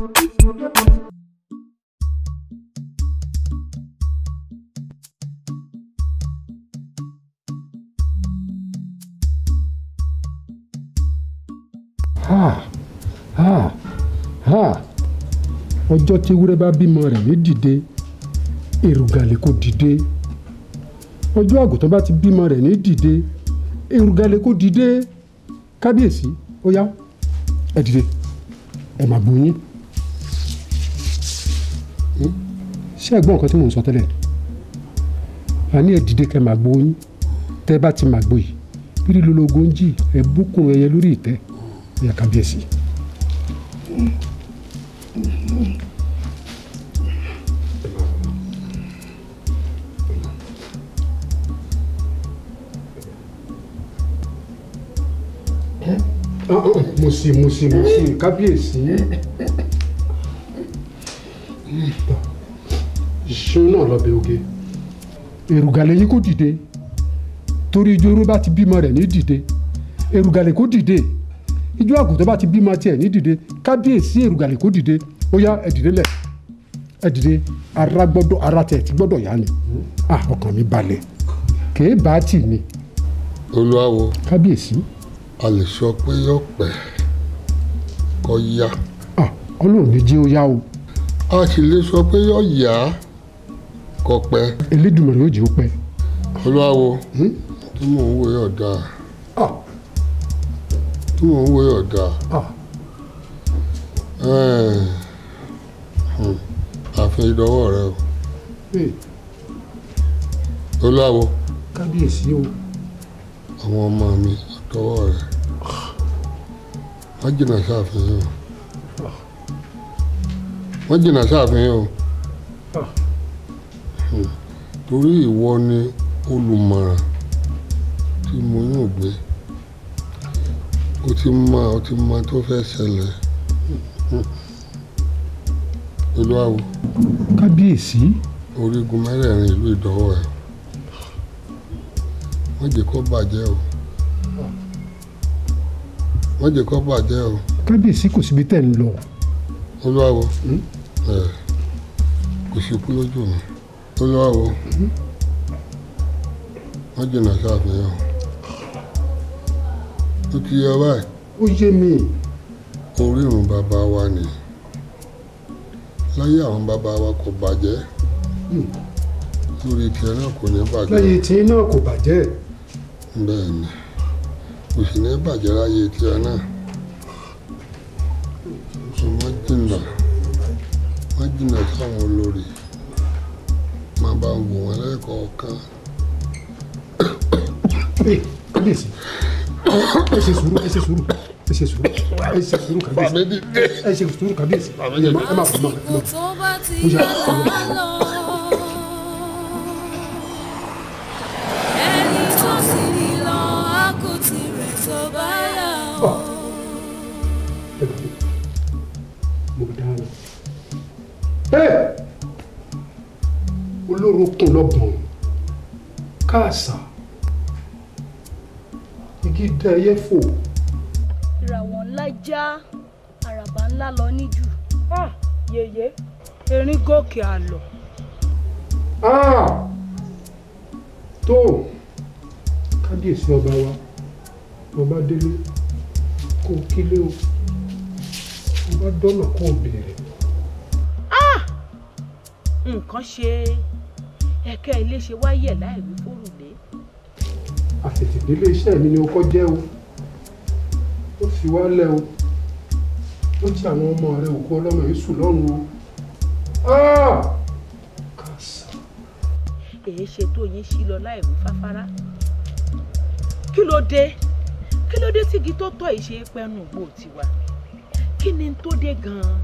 Ah, ah, ah. ọjọ́ tí ewúrẹ́ bá bímọ rẹ̀ ní dìde èrùgàlè kò dìde ọjọ́ àgùntàn bá ti bímọ rẹ̀ ní dìde èrùgàlè kò dìde kábíyèsí ó yá ẹ dìde ẹ má gbóyún. ṣé ẹ gbọ́ nǹkan tí mò ń sọ tẹ́lẹ̀ àní ẹ dìde kẹ màgbó yín tẹ́ bá ti màgbó yìí bírí lológo ń jì ẹ bùkún ẹyẹ lórí ìtẹ́ ẹ̀yà kábíyèsí. mo sì mo sì mo sì kábíyèsí ṣun náà lọ́bẹ̀ oge. èrùgàlẹ̀ yìí kò dìde torí ijó oró bá ti bímọ rẹ̀ ní dìde èrùgàlẹ̀ kò dìde ijó àgùntàn bá ti bímọ tiẹ̀ ní dìde kábíyèsí èrùgàlẹ̀ kò dìde ó yá ẹ dìde lẹ̀ ẹ ara gbọ́dọ̀ ara tẹ̀ ti gbọ́dọ̀ yá ni ah ọkàn mi balẹ̀ kèé bá tì ni. olúwawo kábíyèsí. a lè sọ pé yóò pẹ́ kó yá. ọlọ́run ní jí ó yá o. a sì lè sọ pé yóò kọ́ pẹ́. Elédùmarè yóò jẹ́ ó pẹ́. olùwàwò tí mò ń wo yóò dáa ah. tí mò ń wo yóò dáa àfin ìdánwò rẹ o olùwàwò. kábíyèsí o. àwọn ọmọ mi àtọwọ́ rẹ wọ́n jìnnà sáàfin o wọ́n ah. jìnnà sáàfin o. Ah. Hmm. torí ìwọ ni olùmọ̀ràn tí mo yàn gbé o ti mọ o ti mọ tó fẹ́ ṣẹlẹ̀ ìlú àwọ̀ kábíyèsí. orígun mẹ́rẹ̀ẹ̀rin ìlú ìdánwò ẹ̀ wọ́n jẹ́ kó bàjẹ́ o wọ́n jẹ́ kó bàjẹ́ o. kò síbi tẹ̀ ń lọ. olúwa wo wọ́n jìnnà sabe ó ti yẹ báyìí. ó yé mi. orírun bàbá wa ni láyé àwọn bàbá wa kò bàjẹ́ hmm. lórí tiẹ̀ náà kò ní bàjẹ́. láyé tiẹ̀ náà kò bàjẹ́. bẹ́ẹ̀ ni kò sì ní bàjẹ́ láyé tiẹ̀ náà ṣùgbọ́n jìnnà wọ́n jìnnà sáwọn olórí máa bá wò wọ́n lẹ́ẹ̀kọ̀ọ̀kan. kábíyèsí ẹ ṣe sùúrù ẹ ṣe sùúrù ẹ ṣe sùúrù ẹ ṣe sùúrù kábíyèsí ẹ ṣe sùúrù kábíyèsí ẹ má bọ̀ ẹ má bọ̀. Oh. Hey! olórokùn lọ́gbọ̀n káàsán igi dá ẹyẹ fò. ìràwọ̀ ńlá já àràbà ńlá lọ níjù ah, yèyé erin gòkè àlọ́. Ah! tó kábíyèsí ọba wa ọba délé kó kílé o ọba dọ́nà kó béèrè. Ah! nǹkan ṣe é ìkẹ́ ilé ṣe wáyẹ̀ láìwí fórùlé. àtètèdélé iṣẹ́ mi ni o kọ́ jẹ́ o ó fi wá lẹ́ o ó ti àwọn ọmọ rẹ òkú ọlọ́mọ yìí sùn lọ́rùn o. Ah! èyí ṣe tó yín sí lọ láìwí fáfárá kí ló dé kí ló dé tígi tó tọ́ ìṣe pẹ́nu ògbó tiwa kí ni tó dé gan-an.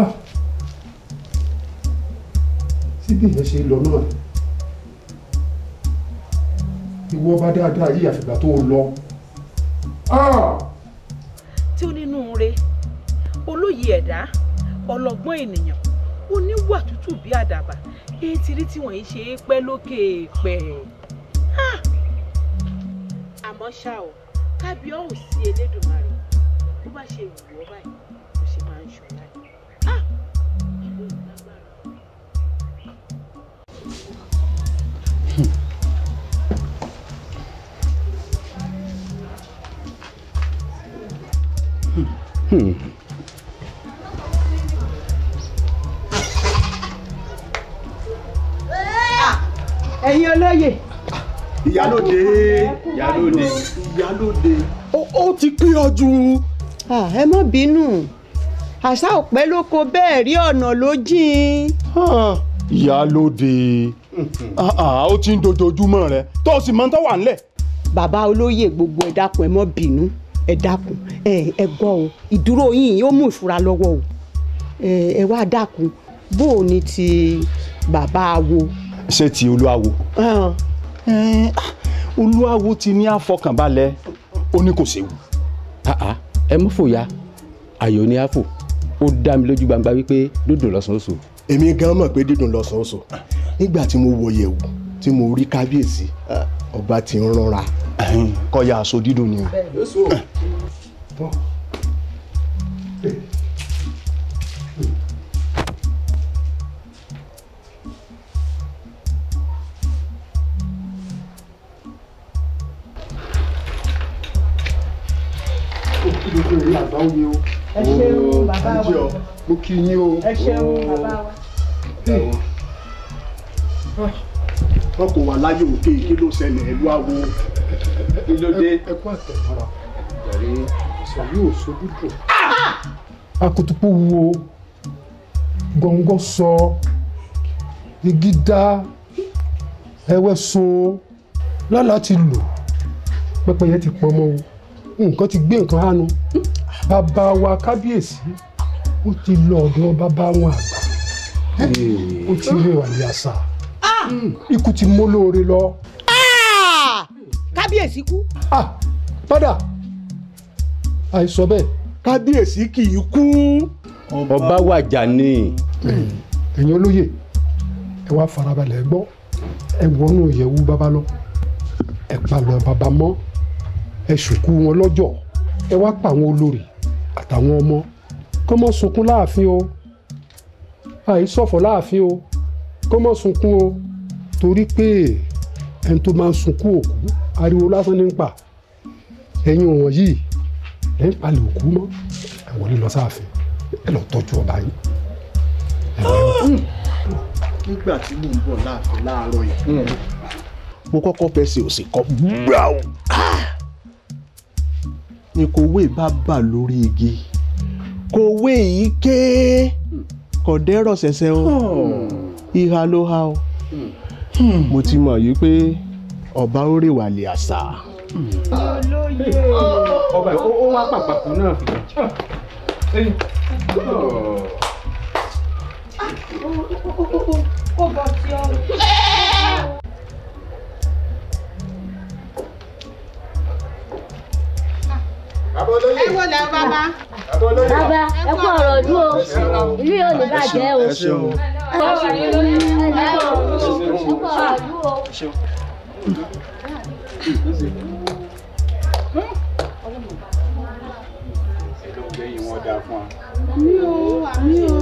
Ah! síbi yẹn ṣe lọ náà ìwọ bá dáadáa yìí àfìgbà tó lọ. Ah! tí ó nínú re olóyè ẹ̀dá ọlọ́gbọ́n ènìyàn oníwà tútù bí àdàbà èyí ti rí tí wọ́n yìí ṣe é pẹ́ lókè pẹ́. Ah! àmọ́ ṣá o kábíọ́ ò sí elédùnmarè bó bá ṣe wù ọ́ báyìí ló ṣe máa ń ṣọ́ láyé. Hmm. ẹ̀yin olóyè. ìyálóde ìyálóde ìyálóde. ó ti pé ọdún. ẹ má bínú àṣà òpẹ́ ló kó bẹ́ẹ̀ rí ọ̀nà ló jìn. ìyálóde ó ti ń dojoojúmọ́ rẹ tó o sì mọ tó wà nílẹ̀. bàbá olóyè gbogbo ẹ dákun ẹ bínú ẹ dákun ẹ ẹ gbọ́ o ìdúró yín yóò mú ìfura lọ́wọ́ o ẹ wá dákun bó o ní ti bàbá awo. ṣé ti olúawo. olúawo ti ní àfọkànbalẹ̀ ó ní kò séwu. ẹ mú fòyà ayọ̀ ní àfò ó dá mi lójú gbangba wípé dúdùn lọ́sàn-án oṣù. èmi gan mọ̀ pé dídùn lọ́sàn-án oṣù nígbà tí mo wọ̀yẹ̀wò tí mo rí kábíyèsí ọba tí ń rọra kọ́ ya aṣọ dídùn ni o. ẹ ṣeun oh, bàbá wa mo kí yín o ẹ ṣeun bàbá wa. Oh wọn kò wà láyé òkè kí ló ṣẹlẹ̀ ẹ̀lú àwo kí ló dé. ẹ kú àtẹ̀mọ́ra ìjàre ṣàyè ò sojú dùn. akutuku wo gọ́ngọ́ sọ igi dá ẹwẹ́ so lálàá ti lò pẹ́pẹ́yẹ ti pọn mọ́ o nǹkan ti gbé nǹkan hánu bàbá wa kábíyèsí ó ti lọ ọ̀dọ̀ bàbá wọn àgbà ó ti rẹwà ní àṣà. Hmm. ikú ti mú lóore lọ. Ah! kábíyèsí kú. Ah, padà àìsọ bẹ́ẹ̀ kábíyèsí kì í kú. ọba wàjà ni. ẹ̀yin olóye ẹ wá farabalẹ̀ gbọ́ ẹ wọnú ìyẹ̀wù bàbá lọ ẹ palọ̀ bàbá mọ́ ẹ ṣùkú wọn lọ́jọ́ ẹ wá pa àwọn olórí àtàwọn ọmọ kọ́ mọ́ sunkún láàfin o àìsọ̀fọ̀ láàfin o kọ́ mọ́ sunkún o torí pé ẹni tó máa ń sunkún òkú ariwo lásán ní ń pa ẹ̀yin ọ̀wọ̀n yìí ẹ̀ ń palẹ̀ òkú mọ́ ẹ̀ wọlé lọ sáàfin ẹ̀ lọ tọ́jú ọba yìí. Hmm. nígbà tí mò ń bọ̀ láàfin láàárọ̀ yìí hmm. mo kọ́kọ́ fẹ́ ṣe òsì kan gbáù ah! ni kò wé bá bà lórí igi kò wé yìí ké hmm. kò dẹ́rọ̀ ṣẹ̀ṣẹ̀ o ìhà ló ha o. Mm. Hmm. mo ti mọ̀ yìí pé ọba ó rè wà lè àṣà. olóyè ọba ó wá pàpàkù náà fi ó bọ̀ sí ọ. ẹ wò lẹ bàbá. bàbá ẹ kú ọ̀rọ̀ ọdún o ìlú yóò ní bàjẹ́ o màálù o. àmì o o.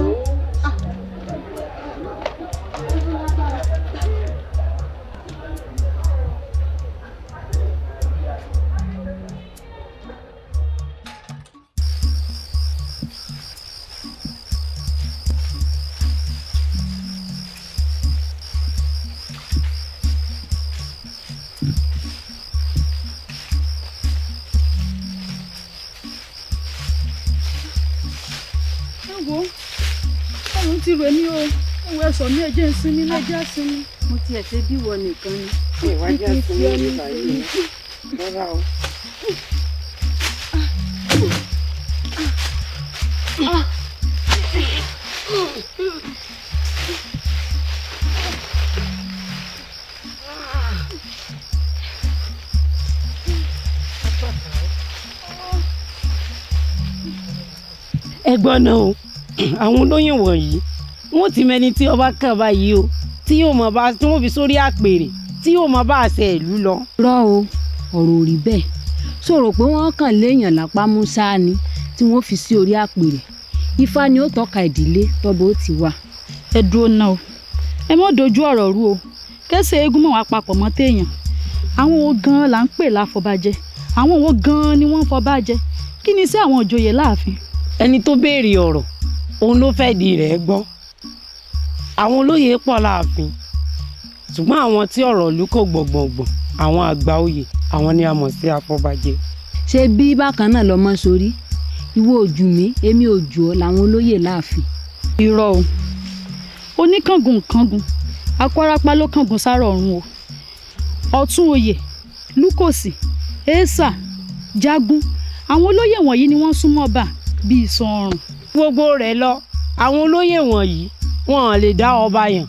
sọ mí ẹjẹ ń sinmi lẹjẹ sinmi. mo ti ẹ̀ ṣe bí wọ nìkan ni. ìwádìí àti ìwé nípa yìí rárá o. ẹgbọ́n náà àwọn olóyìn wọ̀nyí wọn ò ti mẹni tí ọba kàn báyìí o tí yóò mọ bá tí wọn fi sórí àpèrè tí yóò mọ bá àṣẹ ìlú lọ. rọ o ọ̀rọ̀ ò rí bẹ́ẹ̀ sọ̀rọ̀ pé wọ́n kàn léèyàn lápá musa ni tí wọ́n fi sí orí àpèrè ifá ni ó tọ́ka ìdílé tọ́bọ̀ ó ti wà. ẹ dúró ná o ẹ mọ́ dojú ọ̀rọ̀ rú o kẹsẹ̀ eégún mọ̀ wá papọ̀ mọ́ téèyàn àwọn wo gan-an là ń pè láfọbàjẹ́ àwọn wo gan-an ni wọ́n fọbàjẹ́ kí ni sí àwọn òjòyè láàfin. ẹni tó béèrè ọ̀rọ̀ òun ló fẹ́ di rẹ̀ gbọ́n àwọn olóyè pọ̀ láàfin ṣùgbọ́n àwọn tí ọ̀rọ̀ ìlú kò gbọ̀ngbọ̀ngbọ̀n àwọn àgbà oyè àwọn ni a mọ̀ sí afọbajẹ. ṣé bí bákan náà lọmọ sórí ìwọ ojú mi èmi ojú ọ làwọn olóyè láàfin. irọ́ o oníkángun kangun akwarapa ló kángun sára ọ̀run o ọ̀tún oyè lukosi esa jagun àwọn olóyè wọ̀nyí ni wọ́n súnmọ́ bá bíi sọ ọrùn. gbogbo rẹ̀ lọ àwọn olóyè wọ̀nyí wọn lè dá ọba yàn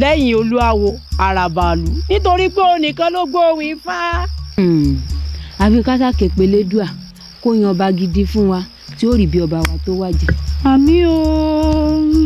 lẹ́yìn olúwawo àràbàlù nítorí pé onìkan ló gbóhùn ifá. Hmm. àfi kásákè pelédùà kó yan ọba gidi fún wa tí ó rí bí ọba wa tó wájà. àmì ooo.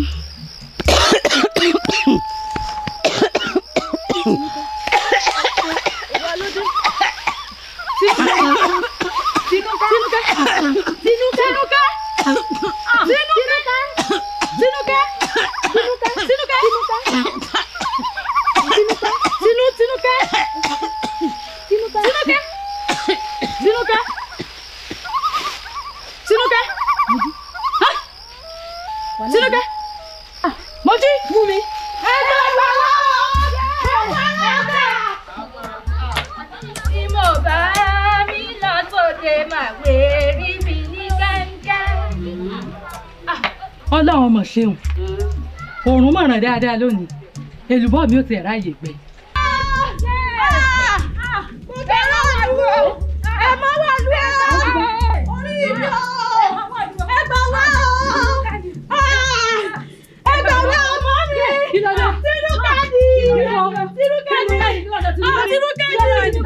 Tinúkẹ́ Tinúkẹ́ Tinúkẹ́ Mojí Wumi. ẹ lọ bá wà ọlọ́run ọmọ ṣeun òòrùn mọ̀ràn dáadáa lónìí èlùbọ́ mi ò tiẹ̀ ráàyè gbẹ. Ah! Ah! Ah! má wà lú ẹ orí mi o ẹ bá wá o ah, ẹ bá wá ọmọ mi tirukadi tirukadi àwọn tirukadi ọ̀rẹ́ ìlú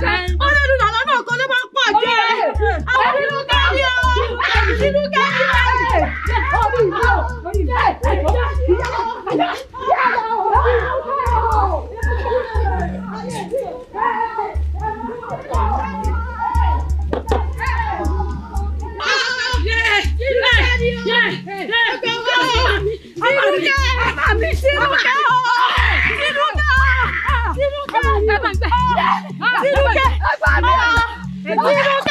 làlọ́ náà kọ́ ló máa ń pọ̀ jẹ́ àwọn tirukadi o ah, tirukadi o. 你不要